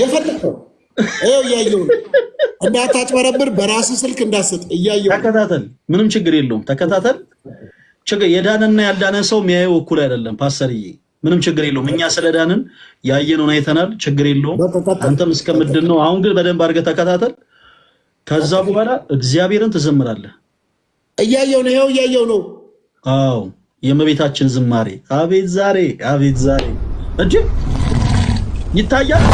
የፈለከው ይኸው እያየው እንዳታጭበረብር፣ በራስህ ስልክ እንዳሰጥ እያየው ተከታተል። ምንም ችግር የለውም ተከታተል። ችግር የዳነና ያልዳነ ሰው የሚያየው እኩል አይደለም። ፓሰርዬ ምንም ችግር የለውም። እኛ ስለዳንን ያየነውን አይተናል። ችግር የለውም። አንተም እስከምድን ነው። አሁን ግን በደንብ አድርገህ ተከታተል። ከዛ በኋላ እግዚአብሔርን ትዘምራለህ። እያየው ነው። ይኸው እያየው ነው። አዎ የእመቤታችን ዝማሬ አቤት ዛሬ አቤት ዛሬ እጅ ይታያል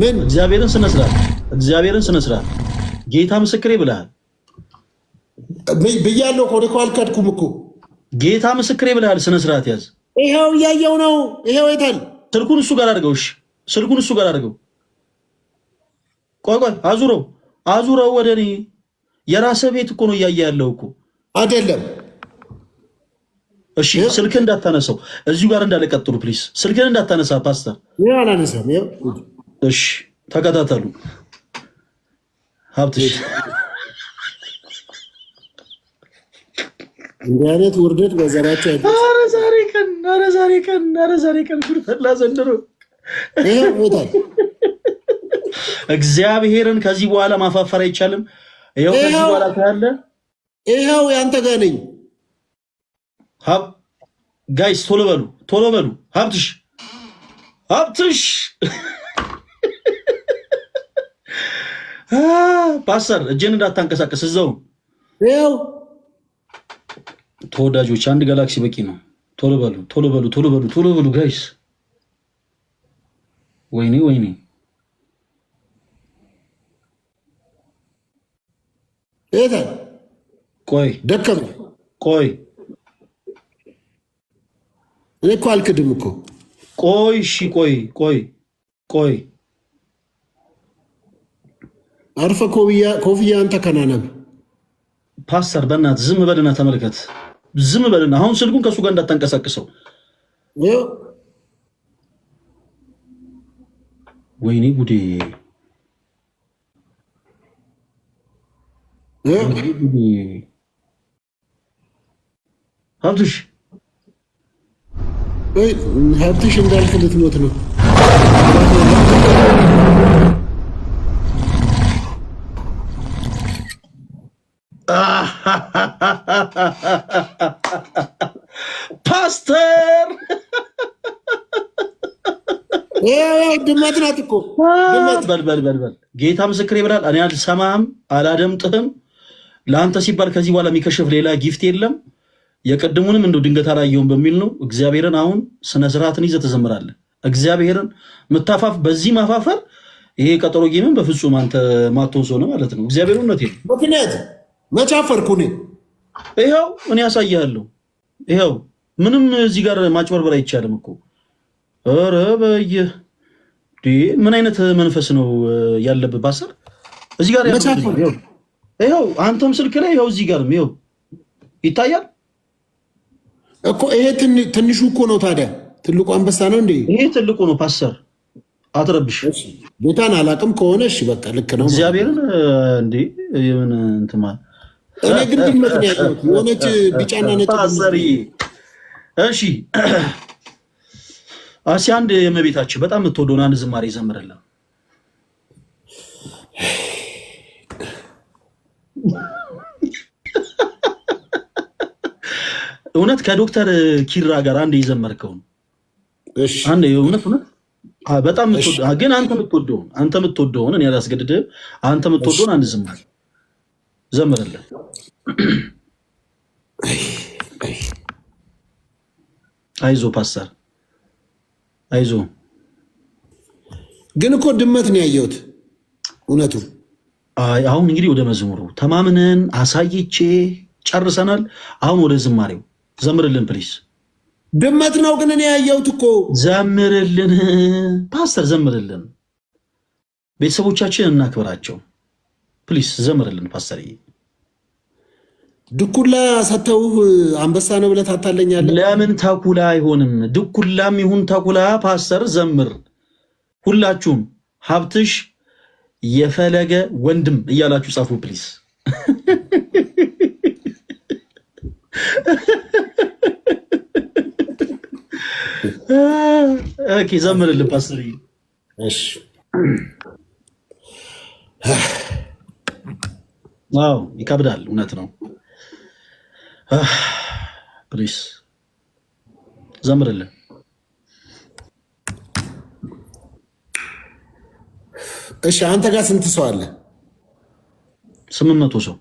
ምን እግዚአብሔርን ስነ ስርዓት እግዚአብሔርን ስነ ስርዓት ጌታ ምስክሬ ብለሃል ብያለሁ እኮ አልከድኩም እኮ ጌታ ምስክሬ ብለሃል። ስነ ስርዓት ያዝ። ይኸው እያየው ነው። ይኸው የታል? ስልኩን እሱ ጋር አድርገው። እሺ ስልኩን እሱ ጋር አድርገው። ቆይ ቆይ፣ አዙረው አዙረው ወደ እኔ። የራሰ ቤት እኮ ነው እያየ ያለው እኮ አይደለም እሺ ስልክ እንዳታነሳው እዚሁ ጋር እንዳለቀጥሩ ፕሊስ። ስልክን እንዳታነሳ ፓስተር። እሺ ተከታተሉ። ሀብትሽ እንዲህ አይነት ውርደት በዘራቸው። ኧረ ዛሬ ቀን፣ ኧረ ዛሬ ቀን፣ ኧረ ዛሬ ቀን ጉድፈላ ዘንድሮ እግዚአብሔርን ከዚህ በኋላ ማፋፈር አይቻልም። ይኸው ከዚህ በኋላ ካለ ይኸው ያንተ ጋር ነኝ ጋይስ ቶሎ በሉ ቶሎ በሉ። ሀብትሽ ሀብትሽ ፓስተር እጄን እንዳታንቀሳቀስ እዛው ነው። ተወዳጆች አንድ ጋላክሲ በቂ ነው። ቶሎ በሉ ቶሎ በሉ ቶሎ በሉ ቶሎ በሉ ጋይስ። ወይኔ ወይኔ ቆይ ደከመኝ ቆይ እኔ እኮ አልክድም እኮ። ቆይ እሺ፣ ቆይ ቆይ ቆይ፣ አርፈ ኮፍያን ከናነብ ፓስተር በእናትህ ዝም በልና ተመልከት። ዝም በልና አሁን ስልኩን ከእሱ ጋር እንዳታንቀሳቅሰው። ወይኔ ጉዴ ሀብትሽ ሀብትሽ እንዳልክ ልትሞት ነው። ፓስተር ድመት ናት እኮ በል በል በል፣ ጌታ ምስክር ይብላል። እኔ አልሰማህም፣ አላደምጥህም። ለአንተ ሲባል ከዚህ በኋላ የሚከሸፍ ሌላ ጊፍት የለም። የቀድሙንም እንደው ድንገት አላየውም በሚል ነው። እግዚአብሔርን አሁን ስነ ስርዓትን ይዘ ትዘምራለህ። እግዚአብሔርን ምታፋፍ በዚህ ማፋፈር ይሄ ቀጠሮ ጌምን በፍጹም አንተ ማቶን ሰው ነው ማለት ነው። እግዚአብሔር እውነት ምክንያት መቻፈርኩ እኔ ይኸው እኔ ያሳያለሁ። ይኸው ምንም እዚህ ጋር ማጭበርበር አይቻልም እኮ ኧረ በየ ምን አይነት መንፈስ ነው ያለብህ? ባሰር እዚህ ጋር ይኸው አንተም ስልክ ላይ ይኸው እዚህ ጋርም ይኸው ይታያል። እኮ ይሄ ትንሹ እኮ ነው። ታዲያ ትልቁ አንበሳ ነው እንዴ? ይሄ ትልቁ ነው። ፓስተር አትረብሽ። ጌታን አላቅም ከሆነ እሺ በቃ ልክ ነው። እግዚአብሔርን እንዴ የምን እንትማ እኔ ግን ድመት ነው ያለሁት የሆነች ቢጫና ነጭ እሺ እስኪ አንድ የመቤታችን በጣም የምትወደውን አንድ ዝማሬ ይዘምርልን። እውነት ከዶክተር ኪራ ጋር አንድ የዘመርከው ነው። አንድ እውነት እውነት በጣም ግን አንተ የምትወደውን አንተ የምትወደውን እኔ አላስገድድህም። አንተ የምትወደውን አንድ ዝማሬ ዘምርልን። አይዞ ፓስተር አይዞ። ግን እኮ ድመት ነው ያየሁት እውነቱ። አሁን እንግዲህ ወደ መዝሙሩ ተማምነን አሳይቼ ጨርሰናል። አሁን ወደ ዝማሬው ዘምርልን ፕሊስ። ድመት ነው ግን እኔ ያየሁት እኮ። ዘምርልን ፓስተር፣ ዘምርልን። ቤተሰቦቻችን እናክብራቸው ፕሊስ። ዘምርልን ፓስተር። ድኩላ ሰተውህ አንበሳ ነው ብለህ ታታለኛለህ። ለምን ታኩላ አይሆንም? ድኩላም ይሁን ታኩላ ፓስተር ዘምር። ሁላችሁም ሀብትሽ የፈለገ ወንድም እያላችሁ ጻፉ ፕሊስ። ኦኬ፣ ዘምርልን ፓስተር። እሺ ይከብዳል፣ እውነት ነው። ፕሊስ ዘምርልን። እሺ አንተ ጋር ስንት ሰው አለ? ስምንት መቶ ሰው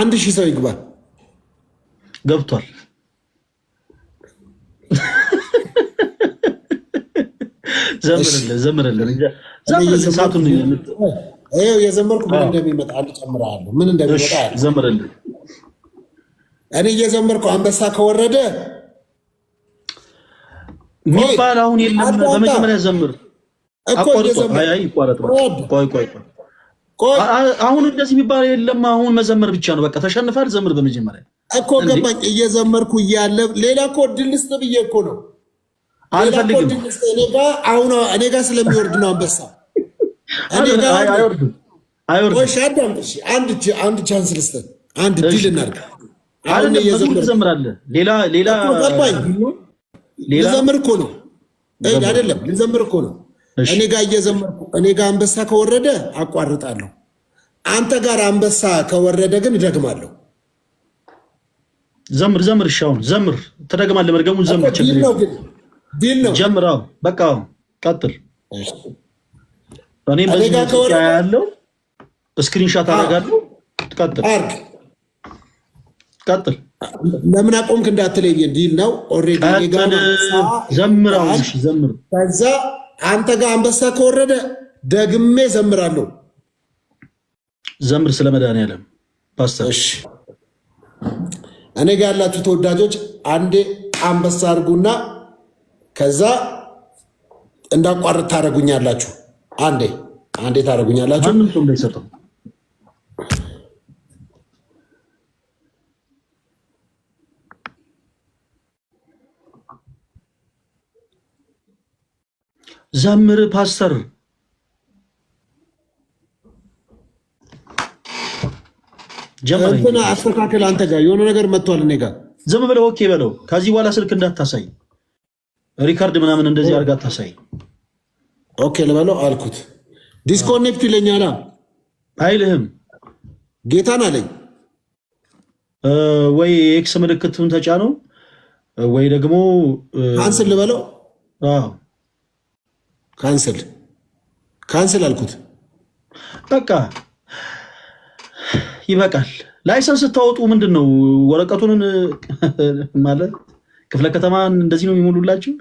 አንድ ሺህ ሰው ይግባል ገብቷል ዘምርልህ ዘምርልህ ይኸው የዘመርኩ ምን እንደሚመጣ እጨምርሃለሁ። ምን እንደሚመጣ ዘምርልህ። እኔ እየዘመርኩ አንበሳ ከወረደ የሚባል አሁን የለም። በመጀመሪያ ዘምር። አሁን እንደዚህ የሚባል የለም። አሁን መዘመር ብቻ ነው በቃ። ተሸንፋል። ዘምር በመጀመሪያ እኮ ገባኝ። እየዘመርኩ እያለ ሌላ እኮ ብዬ እኮ ነው አልፈልግም። እኔ ጋር ስለሚወርድ ነው አንበሳ አንድ ቻንስ ልስጥህ። አንድ ዲል እናድርግ። ልዘምር እኮ ነው አይደለም? ልዘምር እኮ ነው። እኔ ጋር እየዘመርኩ እኔ ጋር አንበሳ ከወረደ አቋርጣለሁ። አንተ ጋር አንበሳ ከወረደ ግን እደግማለሁ። ዘምር ዘምር፣ እሺ አሁን ዘምር። ትደግማለህ። መድገሙን ዘምር። ችግር የለም ዲን ነው ጀምረው። በቃ ቀጥል። እኔም በዚህ ያለው ስክሪንሻት አደርጋለሁ። ቀጥል ቀጥል። ለምን አቆምክ እንዳትለኝ፣ ዲል ነው ኦልሬዲ። ዘምረው ዘምረው። ከዛ አንተ ጋር አንበሳ ከወረደ ደግሜ ዘምራለሁ። ዘምር ስለ መድኃኒዓለም ፓስተር። እኔ ጋር ያላችሁ ተወዳጆች አንዴ አንበሳ አድርጉና ከዛ እንዳቋርጥ ታደርጉኛላችሁ። አንዴ አንዴ ታደረጉኛላችሁ። ዘምር ፓስተር ጀምር። አስተካክል። አንተ ጋር የሆነ ነገር መጥቷል። እኔ ጋር ዝም ብለው ኦኬ በለው። ከዚህ በኋላ ስልክ እንዳታሳይ ሪከርድ ምናምን እንደዚህ አርጋ ታሳይ። ኦኬ ልበለው አልኩት። ዲስኮኔክት ይለኛል አይልህም። ጌታን አለኝ ወይ ኤክስ ምልክቱን ተጫነው ወይ ደግሞ ካንስል ልበለው። ካንስል ካንስል አልኩት። በቃ ይበቃል። ላይሰንስ ስታወጡ ምንድን ነው ወረቀቱን ማለት ክፍለ ከተማን እንደዚህ ነው የሚሞሉላችሁ።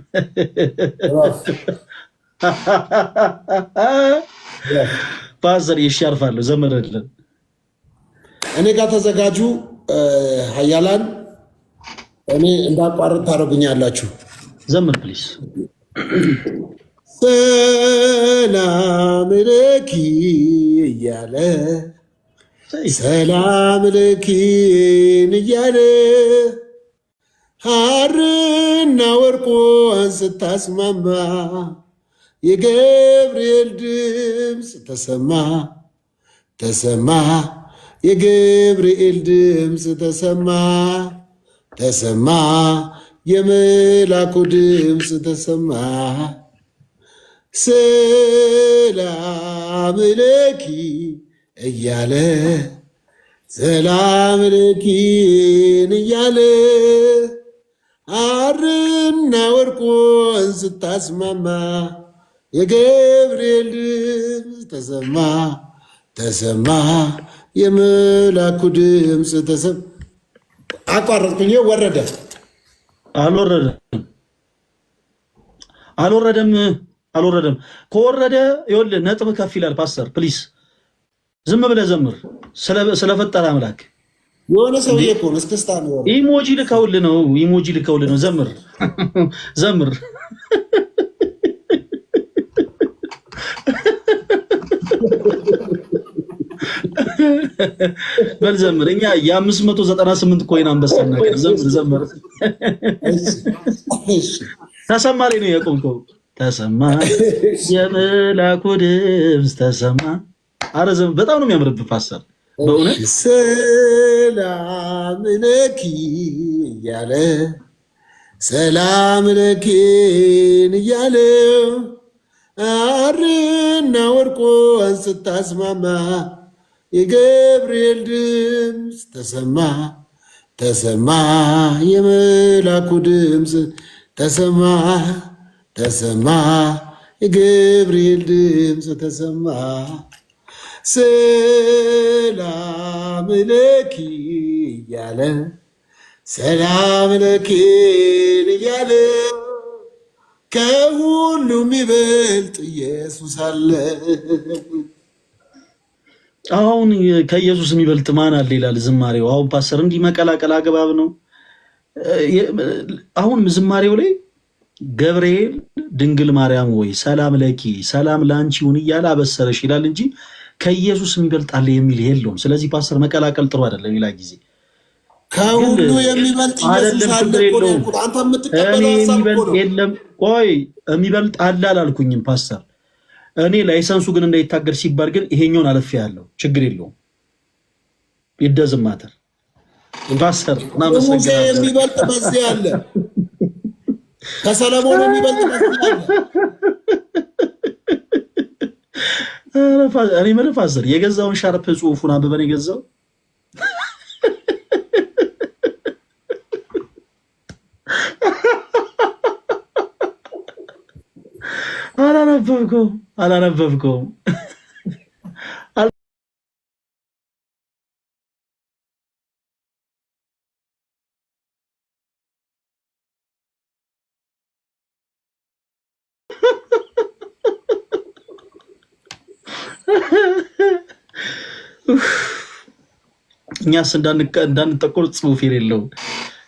ፓዘር ይሽ ያርፋለሁ ዘመረልን እኔ ጋር ተዘጋጁ ሀያላን እኔ እንዳቋርጥ ታደርጉኛላችሁ። ዘምር ፕሊስ። ሰላም ልኪ እያለ ሰላም ልኪን እያለ ሐርና ወርቆን ስታስማማ የገብርኤል ድምፅ ተሰማ ተሰማ የገብርኤል ድምፅ ተሰማ ተሰማ የመላኩ ድምፅ ተሰማ። ሰላም ለኪ እያለ ሰላም ለኪን እያለ አርና ወርቁን ስታስማማ የገብርኤል ድምፅ ተሰማ ተሰማ የመላኩ ድምፅ ተሰማ። አቋረጥኩኝ። ወረደ አልወረደም አልወረደም አልወረደም። ከወረደ ይኸውልህ ነጥብ ከፍ ይላል። ፓስተር ፕሊስ ዝም ብለህ ዘምር ስለፈጠረ አምላክ የሆነ ሰውዬ እኮ ነው እስክስታ ነው። ኢሞጂ ልከውል ነው። ኢሞጂ ልከውል ነው። ዘምር ዘምር። በል ዘምር። እኛ የአምስት መቶ ዘጠና ስምንት ኮይን አንበሳ ነገር ዘምር ዘምር። ተሰማ ላይ ነው የቆምከው። ተሰማ የመላኩ ድምፅ ተሰማ። አረ በጣም ነው የሚያምርብህ ፓስተር በእውነት ሰላም ለኪ እያለ ሰላም ለኪን እያለ አርና ወርቆን ስታስማማ የገብርኤል ድምፅ ተሰማ ተሰማ የመላኩ ድምፅ ተሰማ ተሰማ የገብርኤል ድምፅ ተሰማ ሰላም ለኪ እያለ ሰላም ለኪን እያለ ከሁሉም ይበልጥ ኢየሱስ አለ። አሁን ከኢየሱስ የሚበልጥ ማን አለ ይላል ዝማሬው። አሁን ፓስተር እንዲህ መቀላቀል አግባብ ነው? አሁን ዝማሬው ላይ ገብርኤል ድንግል ማርያም ወይ ሰላም ለኪ ሰላም ለአንቺ ይሁን እያለ አበሰረሽ ይላል እንጂ ከኢየሱስ የሚበልጣል የሚል የለውም። ስለዚህ ፓስተር መቀላቀል ጥሩ አይደለም። ሌላ ጊዜ ከሁሉ የሚበልጥ የለም። ቆይ የሚበልጥ አለ አላልኩኝም ፓስተር። እኔ ላይሰንሱ ግን እንዳይታገድ ሲባል ግን ይሄኛውን አለፍ ያለው ችግር የለውም። ይደዝም ማተር ፓስተር የሚበልጥ በዚህ አለ ከሰለሞን የሚበልጥ በዚህ አለ እኔ የምልህ ፋዘር የገዛውን ሻርፕ ጽሁፉን አንብበን የገዛው አላነበብከውም አላነበብከውም እኛስ እንዳንጠቆር ጽሁፍ የሌለው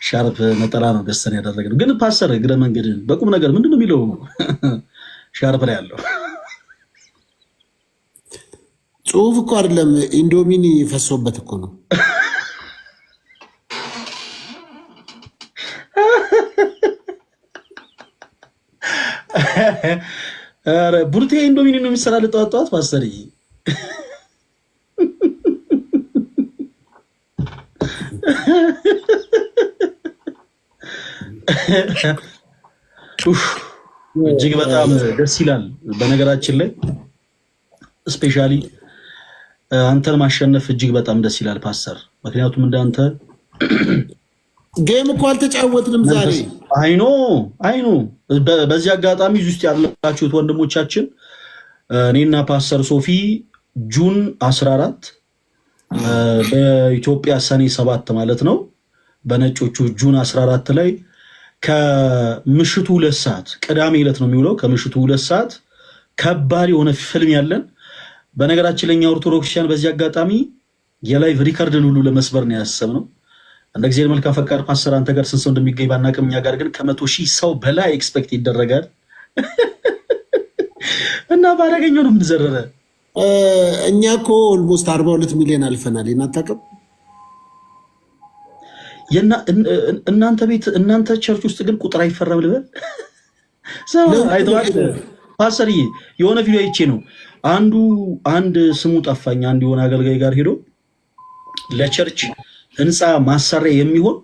ሻርፕ ነጠላ ነው ገዝተን ያደረግነው። ግን ፓስተር እግረ መንገድ በቁም ነገር ምንድን ነው የሚለው ሻርፕ ላይ ያለው ጽሁፍ እኮ አይደለም፣ ኢንዶሚኒ ፈሶበት እኮ ነው። ቡርቴ ኢንዶሚኒ ነው የሚሰራ ጠዋት ጠዋት እጅግ በጣም ደስ ይላል። በነገራችን ላይ ስፔሻ አንተን ማሸነፍ እጅግ በጣም ደስ ይላል ፓስተር። ምክንያቱም እንዳንተ ጌም እኮ አልተጫወትንም ዛሬ። አይኖ አይኖ። በዚህ አጋጣሚ እዚህ ውስጥ ያላችሁት ወንድሞቻችን እኔና ፓስተር ሶፊ ጁን 14 በኢትዮጵያ ሰኔ ሰባት ማለት ነው በነጮቹ ጁን 14 ላይ ከምሽቱ ሁለት ሰዓት ቅዳሜ ዕለት ነው የሚውለው። ከምሽቱ ሁለት ሰዓት ከባድ የሆነ ፊልም ያለን። በነገራችን ለኛ ኦርቶዶክሲያን በዚህ አጋጣሚ የላይቭ ሪከርድን ሁሉ ለመስበር ነው ያሰብነው። እንደ ጊዜ መልካም ፈቃድ ፓስተር አንተ ጋር ስንት ሰው እንደሚገኝ ባናቅም እኛ ጋር ግን ከመቶ ሺህ ሰው በላይ ኤክስፔክት ይደረጋል እና ባደገኘው ነው የምንዘረረ እኛ እኮ ኦልሞስት አርባ ሁለት ሚሊዮን አልፈናል። የናታቅም እናንተ ቤት እናንተ ቸርች ውስጥ ግን ቁጥር አይፈራም ልበል። ፓስተርዬ የሆነ ቪዲዮ አይቼ ነው አንዱ አንድ ስሙ ጠፋኝ፣ አንድ የሆነ አገልጋይ ጋር ሄዶ ለቸርች ህንፃ ማሰሪያ የሚሆን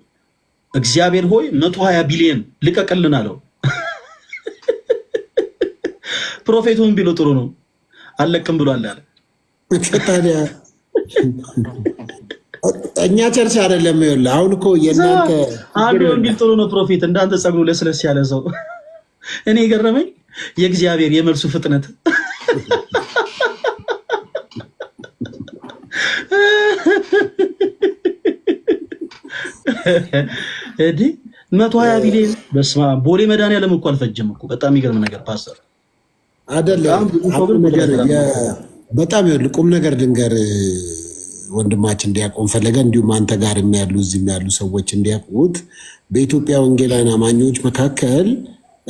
እግዚአብሔር ሆይ መቶ ሀያ ቢሊየን ልቀቅልን አለው። ፕሮፌቱን ቢሎ ጥሩ ነው አለቅም ብሏል አለ። ታዲያ እኛ ቸርች አይደለም። ይኸውልህ አሁን እኮ የእናንተ አንድ ወንጌል ጥሩ ነው ፕሮፌት፣ እንዳንተ ጸጉሩ ለስለስ ያለ ሰው እኔ የገረመኝ የእግዚአብሔር የመልሱ ፍጥነት እንዲህ መቶ ሀያ ቢሌ በስመ አብ ቦሌ መድኃኒዓለም እኮ አልፈጀም እኮ በጣም የሚገርም ነገር ፓስተር አይደለም በጣም ይኸውልህ ቁም ነገር ድንገር ወንድማችን እንዲያቆም ፈለገ እንዲሁም አንተ ጋር የሚያሉ እዚህም ያሉ ሰዎች እንዲያውቁት በኢትዮጵያ ወንጌላውያን አማኞች መካከል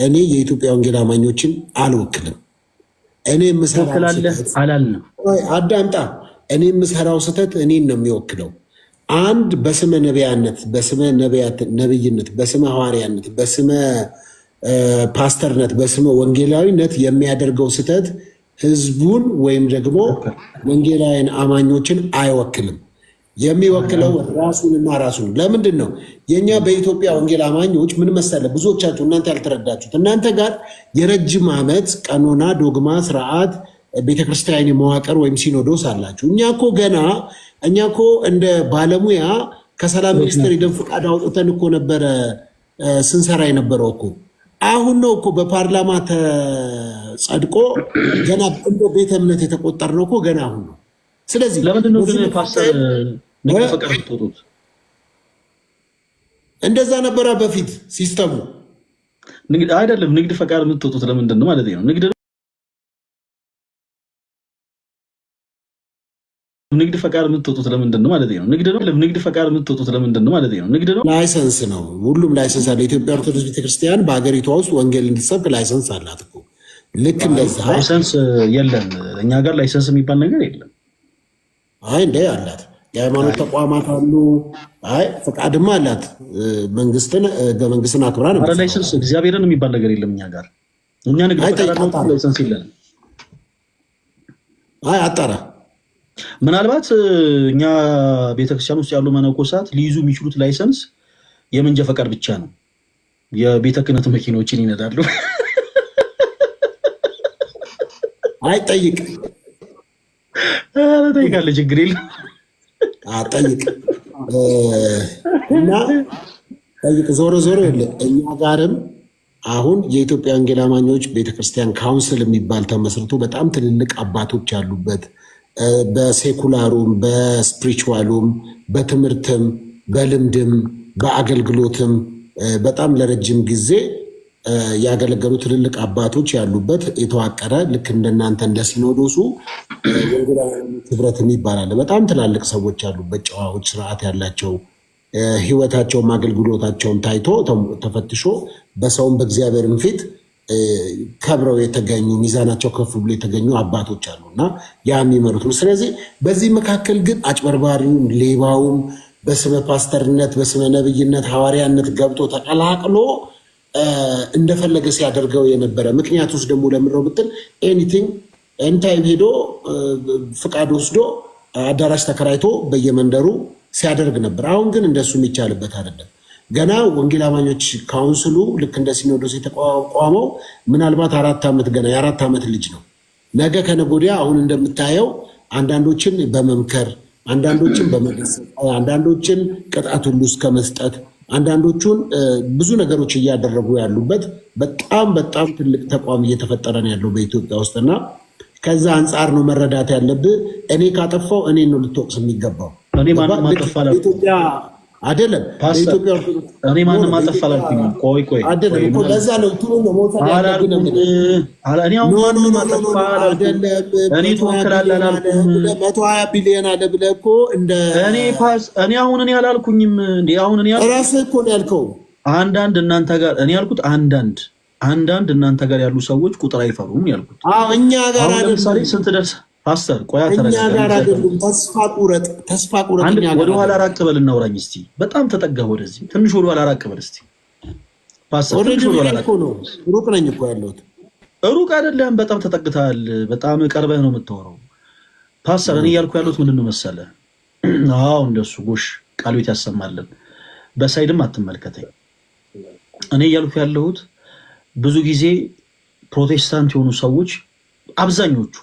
እኔ የኢትዮጵያ ወንጌል አማኞችን አልወክልም። እኔ አዳምጣ እኔ የምሰራው ስህተት እኔን ነው የሚወክለው። አንድ በስመ ነቢያነት፣ በስመ ነቢያት፣ ነብይነት፣ በስመ ሐዋርያነት፣ በስመ ፓስተርነት በስመ ወንጌላዊነት የሚያደርገው ስህተት ህዝቡን ወይም ደግሞ ወንጌላዊን አማኞችን አይወክልም። የሚወክለው ራሱንና ራሱን። ለምንድን ነው የእኛ በኢትዮጵያ ወንጌል አማኞች ምን መሰለ፣ ብዙዎቻችሁ እናንተ ያልተረዳችሁት እናንተ ጋር የረጅም ዓመት ቀኖና፣ ዶግማ፣ ስርዓት ቤተክርስቲያን መዋቅር ወይም ሲኖዶስ አላችሁ። እኛ ኮ ገና እኛ ኮ እንደ ባለሙያ ከሰላም ሚኒስትር ደን ፈቃድ አውጥተን እኮ ነበረ ስንሰራ የነበረው እኮ አሁን ነው እኮ በፓርላማ ተጸድቆ ገና እንደ ቤተ እምነት የተቆጠር ነው እኮ ገና አሁን ነው። ስለዚህ እንደዛ ነበረ በፊት ሲስተሙ አይደለም። ንግድ ፈቃድ የምትወጡት ለምንድን ነው ማለት ነው? ንግድ ንግድ ፈቃድ የምትወጡት ለምንድን ነው ማለት ነው? ንግድ ነው። ንግድ ፈቃድ የምትወጡት ለምንድን ነው ማለት ነው? ንግድ ነው። ላይሰንስ ነው። ሁሉም ላይሰንስ አለ። ኢትዮጵያ ኦርቶዶክስ ቤተክርስቲያን በሀገሪቷ ውስጥ ወንጌል እንዲሰብክ ላይሰንስ አላት እኮ። ልክ እንደዛ ላይሰንስ የለም እኛ ጋር ላይሰንስ የሚባል ነገር የለም። አይ እንደ አላት የሃይማኖት ተቋማት አሉ። አይ ፈቃድማ አላት። መንግስትን በመንግስትን አክብራ ነው። ላይሰንስ እግዚአብሔርን የሚባል ነገር የለም እኛ ጋር። እኛ ንግድ ፈቃድ ላይሰንስ የለንም። አይ አጣራ ምናልባት እኛ ቤተክርስቲያን ውስጥ ያሉ መነኮሳት ሊይዙ የሚችሉት ላይሰንስ የመንጃ ፈቃድ ብቻ ነው። የቤተ ክህነት መኪኖችን ይነዳሉ። አይጠይቅ ጠይቃለ ችግር የለም ጠይቅ እና ጠይቅ። ዞሮ ዞሮ የለ እኛ ጋርም አሁን የኢትዮጵያ ወንጌል አማኞች ቤተክርስቲያን ካውንስል የሚባል ተመስርቶ በጣም ትልልቅ አባቶች ያሉበት በሴኩላሩም በስፕሪቹዋሉም በትምህርትም በልምድም በአገልግሎትም በጣም ለረጅም ጊዜ ያገለገሉ ትልልቅ አባቶች ያሉበት የተዋቀረ ልክ እንደናንተ እንደ ሲኖዶሱ ወንጌላውያኖች ይባላል። በጣም ትላልቅ ሰዎች ያሉበት ጨዋዎች፣ ስርዓት ያላቸው ህይወታቸውም አገልግሎታቸውም ታይቶ ተፈትሾ በሰውም በእግዚአብሔርም ፊት ከብረው የተገኙ ሚዛናቸው ከፍ ብሎ የተገኙ አባቶች እና ያ የሚመሩት ነው። ስለዚህ በዚህ መካከል ግን አጭበርባሪውም ሌባውም በስመ ፓስተርነት በስመ ነብይነት ሐዋርያነት ገብቶ ተቀላቅሎ እንደፈለገ ሲያደርገው የነበረ ምክንያት ውስጥ ደግሞ ለምረው ብትል ኤኒቲንግ ኤንታይም ሄዶ ፍቃድ ወስዶ አዳራሽ ተከራይቶ በየመንደሩ ሲያደርግ ነበር። አሁን ግን እንደሱ የሚቻልበት አይደለም። ገና ወንጌል አማኞች ካውንስሉ ልክ እንደ ሲኖዶስ የተቋቋመው ምናልባት አራት ዓመት ገና የአራት ዓመት ልጅ ነው። ነገ ከነጎዲያ አሁን እንደምታየው አንዳንዶችን በመምከር አንዳንዶችን በመገሰ አንዳንዶችን ቅጣት ሁሉ እስከ መስጠት አንዳንዶቹን ብዙ ነገሮች እያደረጉ ያሉበት በጣም በጣም ትልቅ ተቋም እየተፈጠረ ነው ያለው በኢትዮጵያ ውስጥና ከዛ አንጻር ነው መረዳት ያለብህ። እኔ ካጠፋው እኔ ነው ልትወቅስ የሚገባው። አይደለም ኢትዮጵያ እኔ ማንም ቆይ ቆይ አይደለም እኮ ለዛ ነው ነው አንዳንድ እናንተ ጋር እኔ ያልኩት አንዳንድ አንዳንድ እናንተ ጋር ያሉ ሰዎች ቁጥር አይፈሩም ያልኩት። አዎ እኛ ጋር ስንት ፓስተር ቆያ ተረጋጋ። ተስፋ ቁረጥ፣ ራቅ በል እናውራኝ እስቲ። በጣም ተጠጋ ወደዚህ። ትንሽ ወደ ኋላ ራቅ በል እስቲ ፓስተር። ሩቅ ነኝ እኮ ያለሁት። ሩቅ አይደለም፣ በጣም ተጠግተሃል። በጣም ቀርበህ ነው የምታወራው። ፓስተር፣ እኔ እያልኩ ያለሁት ምንድን ነው መሰለህ? አዎ እንደሱ ጎሽ፣ ቃል ቤት ያሰማልን። በሳይድም አትመልከተኝ። እኔ እያልኩ ያለሁት ብዙ ጊዜ ፕሮቴስታንት የሆኑ ሰዎች አብዛኞቹ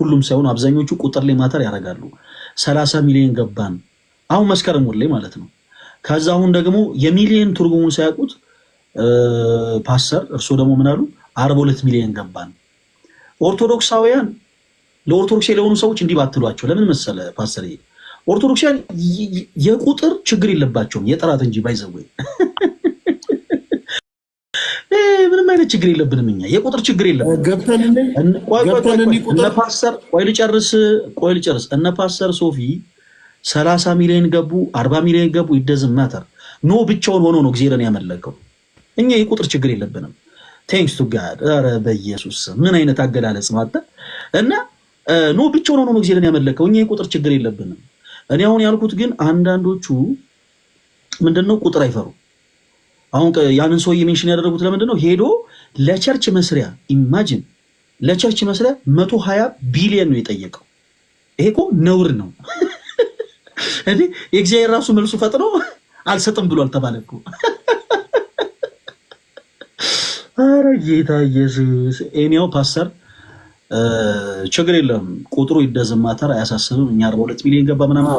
ሁሉም ሳይሆኑ አብዛኞቹ ቁጥር ላይ ማተር ያደርጋሉ። ሰላሳ ሚሊዮን ገባን አሁን መስከረም ወር ላይ ማለት ነው። ከዛ አሁን ደግሞ የሚሊዮን ትርጉሙን ሳያውቁት ፓስተር እርስዎ ደግሞ ምን አሉ? አርባ ሁለት ሚሊዮን ገባን። ኦርቶዶክሳውያን ለኦርቶዶክስ ለሆኑ ሰዎች እንዲህ ባትሏቸው ለምን መሰለ ፓስተር፣ ኦርቶዶክሳውያን የቁጥር ችግር የለባቸውም የጥራት እንጂ ባይዘወይ ምንም አይነት ችግር የለብንም። እኛ የቁጥር ችግር የለብንም። ቆይ ልጨርስ፣ ቆይ ልጨርስ። እነ ፓስተር ሶፊ ሰላሳ ሚሊዮን ገቡ፣ አርባ ሚሊዮን ገቡ፣ ይደዝም ማተር ኖ ብቻውን ሆኖ ነው እግዚአብሔርን ያመለከው። እኛ የቁጥር ችግር የለብንም። ቴንክስ ቱ ጋድ። ኧረ በኢየሱስ ምን አይነት አገላለጽ ማታ እና ኖ ብቻውን ሆኖ ነው እግዚአብሔርን ያመለከው። እኛ የቁጥር ችግር የለብንም። እኔ አሁን ያልኩት ግን አንዳንዶቹ ምንድነው ቁጥር አይፈሩም አሁን ያንን ሰውዬ ሜንሽን ያደረጉት ለምንድን ነው? ሄዶ ለቸርች መስሪያ ኢማጂን ለቸርች መስሪያ መቶ ሀያ ቢሊየን ነው የጠየቀው። ይሄ እኮ ነውር ነው። እንደ የእግዚአብሔር ራሱ መልሱ ፈጥኖ አልሰጥም ብሎ አልተባለ እኮ። አረ ጌታ ኢየሱስ። ኤኒያው ፓስተር ችግር የለም ቁጥሩ ይደዝማተር አያሳስብም። እኛ 42 ሚሊዮን ገባ ምናምን።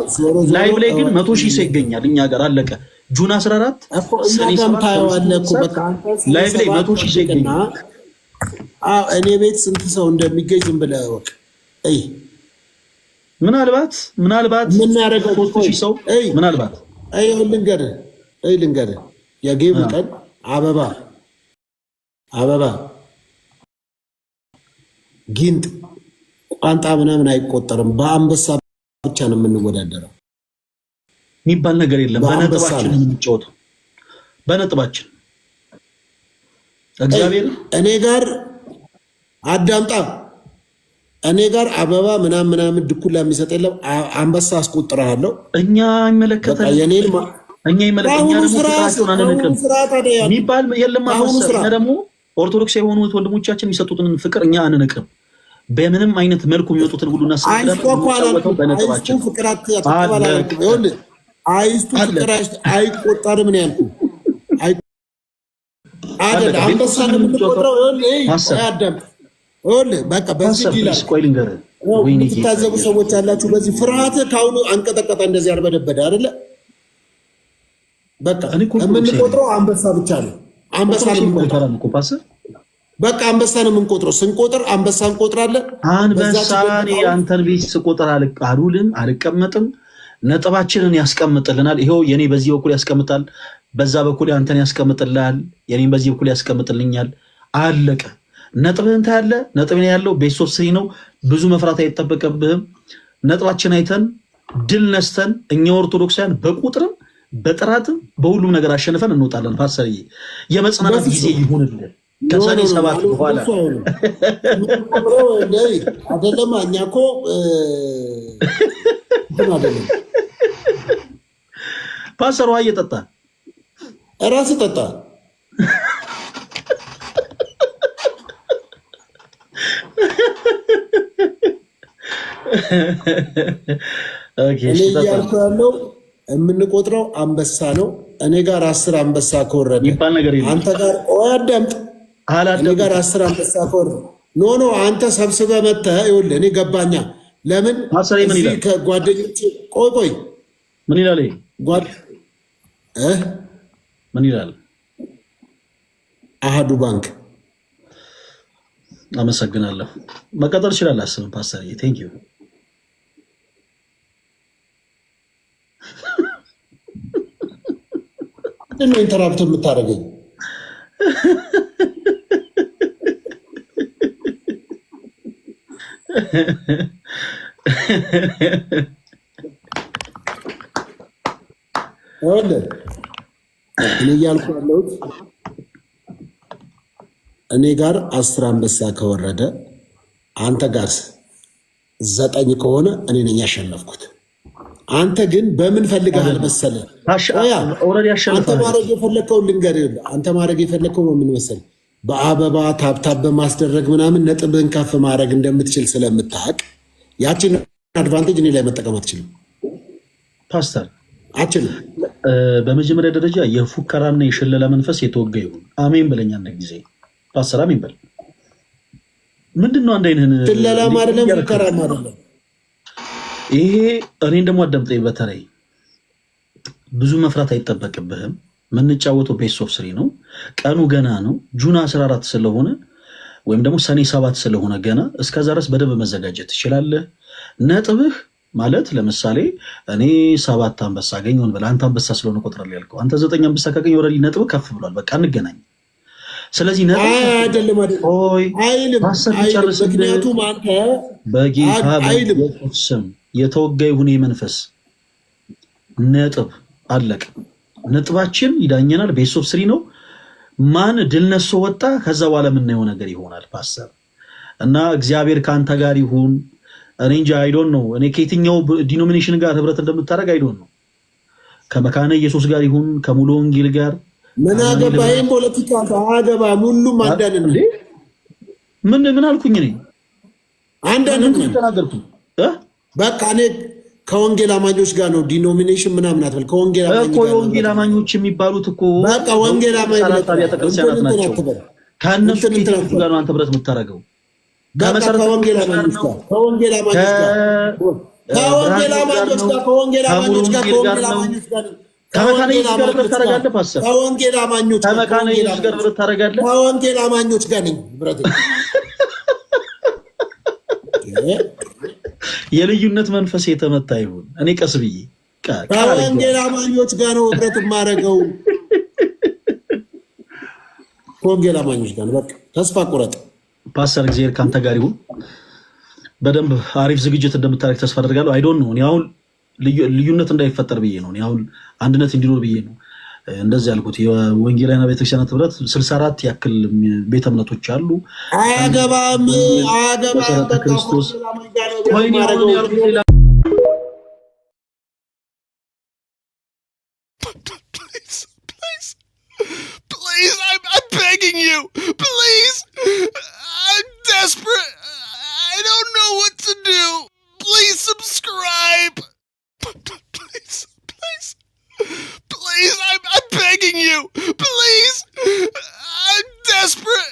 ላይ ላይ ግን መቶ ሺህ ሰው ይገኛል እኛ ጋር አለቀ። ጁን 14 ላይቭ ላይ መቶ ሺህ ይገኛል። እኔ ቤት ስንት ሰው እንደሚገኝ ዝም ብለህ ወቅ። ምናልባት ምናልባት ምናረገው ሰው ምናልባት ልንገርህ ልንገርህ የጌሙ ቀን አበባ አበባ ጊንጥ ቋንጣ ምናምን አይቆጠርም። በአንበሳ ብቻ ነው የምንወዳደረው። የሚባል ነገር የለም። በነጥባችን የምንጫወተው በነጥባችን እግዚአብሔር እኔ ጋር አዳምጣ እኔ ጋር አበባ ምናም ምናምን ድኩላ የሚሰጥ የለም። አንበሳ አስቆጥረሃለሁ። እኛ ይመለከታል እኛ የሚባል የለም። ደግሞ ኦርቶዶክስ የሆኑ ወንድሞቻችን የሚሰጡትን ፍቅር እኛ አንነቅም። በምንም አይነት መልኩ የሚወጡትን ሁሉና ስለ ፍቅር አይስቱ ፍቅራሽ አይቆጠርም ነው ያልኩ። አይደል አንበሳ ነው የምትቆጥረው። በቃ በዚህ ይላል። የምትታዘቡ ሰዎች አላችሁ። በዚህ ፍርሃት ከአሁኑ አንቀጠቀጠ፣ እንደዚህ አርበደበደ አይደለ? በቃ የምንቆጥረው አንበሳ ብቻ ነው። አንበሳ ነው የምንቆጥረው። በቃ አንበሳ ነው የምንቆጥረው። ስንቆጥር አንበሳ እንቆጥራለን። አንበሳ እኔ አንተን ቤት ስቆጥር አልቃሉልም አልቀመጥም ነጥባችንን ያስቀምጥልናል። ይሄው የኔ በዚህ በኩል ያስቀምጣል፣ በዛ በኩል አንተን ያስቀምጥልሃል፣ የኔም በዚህ በኩል ያስቀምጥልኛል። አለቀ። ነጥብህን ታያለህ። ነጥብ ያለው ቤት ስሪ ነው። ብዙ መፍራት አይጠበቅብህም። ነጥባችን አይተን ድል ነስተን እኛ ኦርቶዶክሳውያን በቁጥርም በጥራትም በሁሉም ነገር አሸንፈን እንወጣለን። ፓስተርዬ የመጽናናት ጊዜ ይሁንልን። ከሰኔ ሰባት በኋላ እኛ እኮ ፓስተር ውሃ እየጠጣ ጠጣ። እኔ እያልኩ ያለው የምንቆጥረው አንበሳ ነው። እኔ ጋር አስር አንበሳ ከወረደ አንተ ጋር አዳምጥ እኔ ጋር አስር አንበሳ ኮር ኖ ኖ አንተ ሰብስበ መጥተህ ይኸውልህ፣ እኔ ገባኛ። ለምን ጓደኞች ቆይ ቆይ ምን ይላል ምን ይላል? አህዱ ባንክ አመሰግናለሁ። መቀጠል ይችላል። አስብም ፓስተር ቴንክ ዩ ኢንተራፕት የምታደርገኝ? ይኸውልህ እኔ እያልኩ ያለሁት እኔ ጋር አስር አንበሳ ከወረደ አንተ ጋር ዘጠኝ ከሆነ እኔ ነኝ ያሸነፍኩት። አንተ ግን በምን ፈልገሃል መሰለህ? አንተ ማድረግ የፈለግከውን ልንገርህ። አንተ ማድረግ የፈለግከው ምን መሰለህ? በአበባ ታብታብ በማስደረግ ምናምን ነጥብን ከፍ ማድረግ እንደምትችል ስለምታቅ ያችን አድቫንቴጅ እኔ ላይ መጠቀም አትችልም። ፓስተር አችልም። በመጀመሪያ ደረጃ የፉከራና የሸለላ መንፈስ የተወጋ ይሁን። አሜን በለኝ አንድ ጊዜ ፓስተር፣ አሜን በል። ምንድን ነው አንድ አይነት ሽለላም አይደለም ፉከራም አይደለም። ይሄ እኔን ደግሞ አዳምጠኝ። በተለይ ብዙ መፍራት አይጠበቅብህም። የምንጫወተው ቤስ ኦፍ ስሪ ነው። ቀኑ ገና ነው። ጁን 14 ስለሆነ ወይም ደግሞ ሰኔ ሰባት ስለሆነ ገና እስከዛ ድረስ በደንብ መዘጋጀት ትችላለህ። ነጥብህ ማለት ለምሳሌ እኔ ሰባት አንበሳ አገኝ ሆን ብለህ አንተ አንበሳ ስለሆነ ቆጥራለሁ ያልከው አንተ ዘጠኝ አንበሳ ካገኝ ወረ ነጥብ ከፍ ብሏል። በቃ እንገናኝ። ስለዚህ በጌታ በኢየሱስ ስም የተወጋይ ሁኔ መንፈስ ነጥብ አለቅ ነጥባችን ይዳኘናል። ቤስ ኦፍ ስሪ ነው። ማን ድል ነሶ ወጣ፣ ከዛ በኋላ የምናየው ነገር ይሆናል። ፓስተር እና እግዚአብሔር ከአንተ ጋር ይሁን። እኔ እንጂ አይዶን ነው እኔ ከየትኛው ዲኖሚኔሽን ጋር ህብረት እንደምታደርግ አይዶን ነው። ከመካነ ኢየሱስ ጋር ይሁን ከሙሉ ወንጌል ጋር ምን አገባ? ይህም ፖለቲካ አገባ ሁሉም አንዳንድ ምን ምን አልኩኝ እኔ አንዳንድ ተናገርኩኝ። በቃ እኔ ከወንጌል አማኞች ጋር ነው። ዲኖሚኔሽን ምናምን አትበል። ከወንጌል የወንጌል አማኞች የሚባሉት እኮ ወንጌል ከእነሱ ጋር ነው አንተ ብረት የምታደርገው? ጋር ከወንጌል አማኞች ጋር ነኝ ብረት የልዩነት መንፈስ የተመታ ይሁን። እኔ ቀስ ብዬ ወንጌል አማኞች ጋር ነው ህብረት የማደርገው፣ ከወንጌል አማኞች ጋር በቃ ተስፋ ቁረጥ። ፓስተር እግዚአብሔር ከአንተ ጋር ይሁን። በደንብ አሪፍ ዝግጅት እንደምታደርግ ተስፋ አደርጋለሁ። አይዶን ነው አሁን ልዩነት እንዳይፈጠር ብዬ ነው አሁን አንድነት እንዲኖር ብዬ ነው እንደዚህ ያልኩት የወንጌላዊና ቤተክርስቲያናት ህብረት ስልሳ አራት ያክል ቤተ እምነቶች አሉ። አያገባም ክርስቶስ Please, I'm, I'm begging you. Please. I'm desperate.